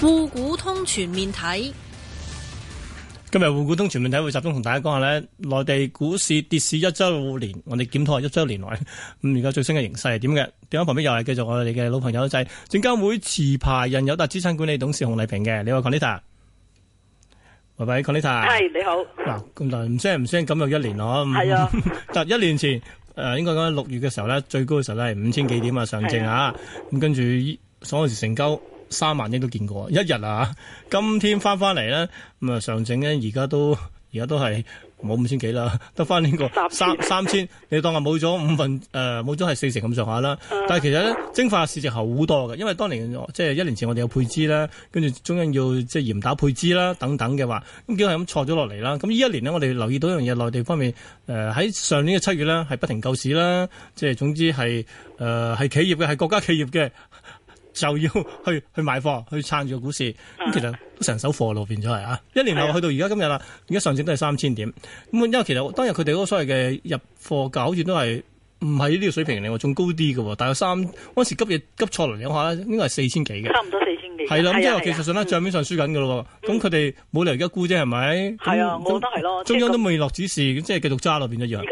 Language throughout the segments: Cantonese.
滬股通全面睇，今日滬股通全面睇會集中同大家講下呢，內地股市跌市一周年，我哋檢討下一周年來咁而家最新嘅形勢係點嘅？電話旁邊又係繼續我哋嘅老朋友就係證監會持牌人友達資產管理董事熊麗萍嘅，你好 Conita 喂喂，Conita 係你好，嗱咁就唔聲唔聲咁又一年咯，係啊，就 一年前誒，應該講六月嘅時候呢最高嘅時候係五千幾點啊，上證啊，咁跟住嗰陣時成交。三萬億都見過，一日啊！今天翻翻嚟咧，咁啊上證咧而家都而家都係冇五千幾啦，得翻呢個三三三千。你當係冇咗五分誒，冇咗係四成咁上下啦。但係其實咧，蒸發市值好多嘅，因為當年即係一年前我哋有配資啦，跟住中央要即係嚴打配資啦等等嘅話，咁結果係咁錯咗落嚟啦。咁呢一年呢，我哋留意到一樣嘢，內地方面誒喺、呃、上年嘅七月咧係不停救市啦，即係總之係誒係企業嘅係國家企業嘅。就要去去買貨去撐住個股市，咁其實都成手貨路變咗嚟啊！一年後去到而家今日啦，而家上證都係三千點。咁因為其實當日佢哋嗰個所謂嘅入貨價好似都係唔係呢個水平嚟喎，仲高啲嘅喎，大概三嗰陣時急嘅急錯嚟嘅話，應該係四千幾嘅。差唔多四千幾。係啦，咁即係話技術上咧，帳面上，上輸緊嘅咯喎。咁佢哋冇理由而家沽啫，係咪？係啊，冇得係咯。中央都未落指示，咁即係是是繼續揸落變一樣。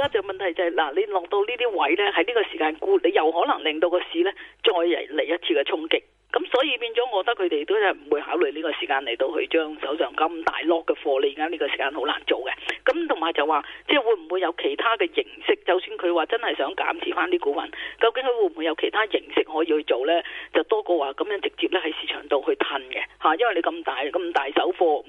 就係嗱，你落到呢啲位咧，喺呢個時間沽，你又可能令到個市咧再嚟一次嘅衝擊。咁所以變咗，我覺得佢哋都係唔會考慮呢個時間嚟到去將手上咁大 lock 嘅貨。你而家呢個時間好難做嘅。咁同埋就話，即係會唔會有其他嘅形式？就算佢話真係想減持翻啲股份，究竟佢會唔會有其他形式可以去做咧？就多過話咁樣直接咧喺市場度去褪嘅嚇，因為你咁大咁大手貨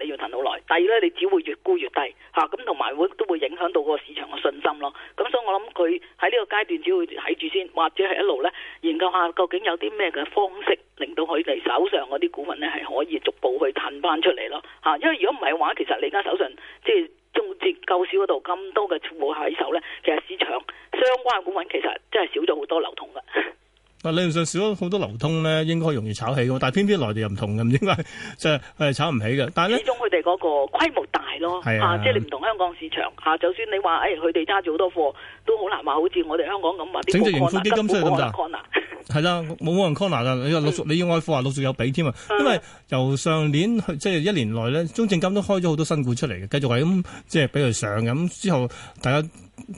你要等好耐，第二咧，你只會越沽越低嚇，咁同埋會都會影響到個市場嘅信心咯。咁、啊、所以我諗佢喺呢個階段只會睇住先，或者係一路咧研究下究竟有啲咩嘅方式令到佢哋手上嗰啲股份咧係可以逐步去褪翻出嚟咯嚇。因為如果唔係嘅話，其實你而家手上即係中跌夠少度咁多嘅戶喺手咧，其實市場相關嘅股份其實真係少咗好多流通噶。理論上少咗好多流通咧，應該容易炒起嘅，但係偏偏內地又唔同嘅，唔應該即係係炒唔起嘅。但呢始終佢哋嗰個規模大咯，嚇、啊啊，即係你唔同香港市場嚇。就算你話誒，佢哋揸住好多貨，都難好難話好似我哋香港咁話啲。整隻盈富基金，金出嚟咁就係啦，冇冇、嗯啊、人 connect 啦。你陸續你要開貨啊，陸續有俾添啊。因為由上年即係一年內咧，中證金都開咗好多新股出嚟嘅，繼續係咁即係俾佢上咁之後，大家。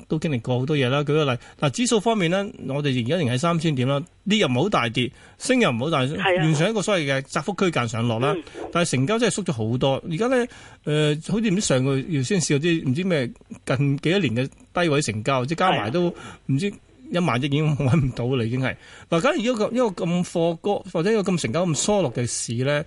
都經歷過好多嘢啦，舉個例，嗱、啊、指數方面呢，我哋而家仍係三千點啦，跌又唔好大跌，升又唔好大跌，完成、啊、一個所謂嘅窄幅區間上落啦。嗯、但係成交真係縮咗好多，而家呢，誒、呃，好似唔知上個月先試有啲唔知咩近幾多年嘅低位成交，即加埋都唔、啊、知一萬億已經搵唔到啦，已經係嗱。假、啊、如一個一個咁貨高，或者一個咁成交咁疏落嘅市呢。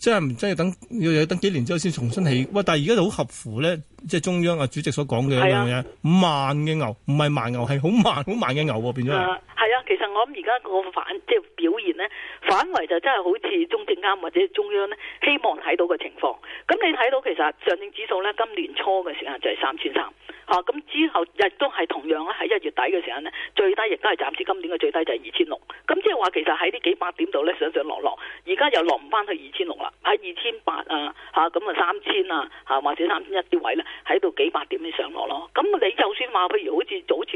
即係唔真係等要等幾年之後先重新起，喂！但係而家就好合乎咧，即係中央啊主席所講嘅一樣嘢，啊、慢嘅牛，唔係慢牛，係好慢好慢嘅牛，啊，變咗係。係、呃、啊，其實我諗而家個反即係表現咧。反而就真係好似中證監，或者中央咧，希望睇到嘅情況。咁你睇到其實上證指數咧，今年初嘅時間就係三千三，嚇咁之後亦都係同樣咧，喺一月底嘅時間咧，最低亦都係暫時今年嘅最低就係二千六。咁即係話其實喺呢幾百點度咧上上落落，而家又落唔翻去二千六啦，喺二千八啊嚇咁啊三千啊嚇或者三千一啲位咧，喺度幾百點上落咯。咁你就算話譬如好似早。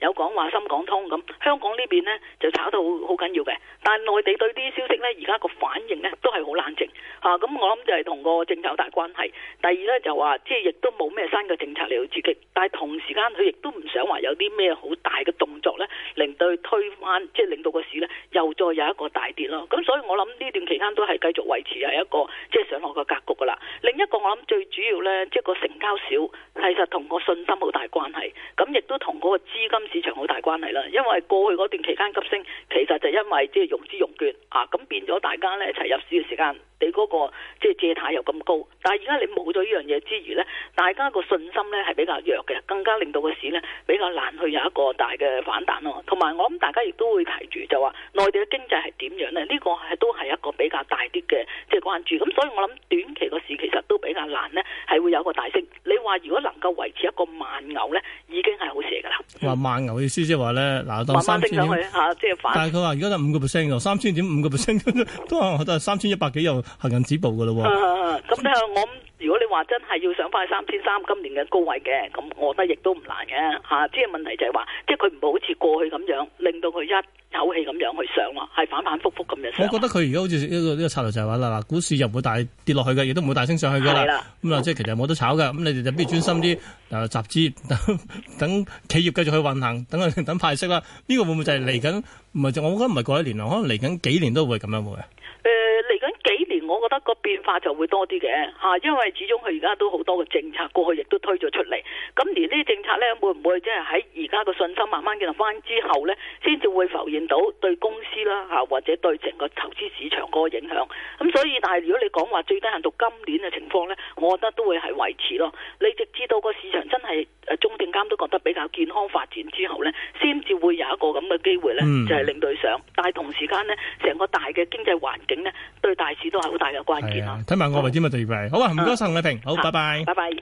有講話深港通咁，香港呢邊咧就炒到好好緊要嘅，但係內地對啲消息咧，而家個反應咧都係好冷靜。啊，咁我諗就係同個政策好大關係。第二咧就話，即係亦都冇咩新嘅政策嚟到刺激，但係同時間佢亦都唔想話有啲咩好大嘅動作咧，令到去推翻，即係令到個市咧又再有一個大跌咯。咁所以我諗呢段期間都係繼續維持係一個即係上落嘅格局噶啦。另一個我諗最主要咧，即係個成交少，其實同個信心好大關係，咁亦都同嗰個資金市場好大關係啦。因為過去嗰段期間急升，其實就因為即係融資融券啊，咁變咗大家咧一齊入市嘅時間。你嗰、嗰個即係借貸又咁高，但係而家你冇咗呢樣嘢之餘咧，大家個信心咧係比較弱嘅，更加令到個市呢比較難去有一個大嘅反彈咯。同埋我諗大家亦都會提住就話內地嘅經濟係點樣呢？呢、呢個係都係一個比較大啲嘅即係關注。咁所以我諗短期個市其實都比較難呢，係會有一個大升。你話如果能夠維持一個慢牛呢？已經係好蝕嘅啦。話慢牛嘅意思即係話咧，嗱當三千升上去嚇，即、啊、係、就是、反。但係佢話而家就五個 percent 喎，三千點五個 percent 都係三千一百幾又行人止步嘅咯喎。咁咧、啊，啊就是、 我如果你話真係要想翻三千三今年嘅高位嘅，咁我覺得亦都唔難嘅嚇。即、啊、係問題就係話，即係佢唔會好似過去咁樣令到佢一口氣咁樣去上喎，係反反覆覆咁樣、啊。我覺得佢而家好似呢個呢個策略就係話啦，嗱，股市又唔會大跌落去嘅，亦都唔會大升上去嘅啦。咁啊了，即係其實冇得炒嘅，咁 Okay. 你哋就必須專心啲啊集資。 等企業繼續去運行，等啊等派息啦，呢個會唔會就係嚟緊？唔係、嗯、我覺得唔係過一年咯，可能嚟緊幾年都會咁樣會。誒嚟緊幾年，我覺得個變化就會多啲嘅嚇，因為始終佢而家都好多嘅政策過去，亦都推咗出嚟。咁連呢啲政策呢，會唔會即係喺而家個信心慢慢建立翻之後呢？先至會浮現到對公司啦嚇、啊，或者對整個投資市場個影響。咁所以，但係如果你講話最低限度今年嘅情況呢，我覺得都會係維持咯。你直至到個市場真係。中證監都覺得比較健康發展之後咧，先至會有一個咁嘅機會咧，就係令到上。但係同時間咧，成個大嘅經濟環境咧，對大市都係好大嘅關鍵咯。睇埋、嗯、我為之物特位，好啊！唔該，曬熊麗萍，好，嗯、拜拜，拜拜。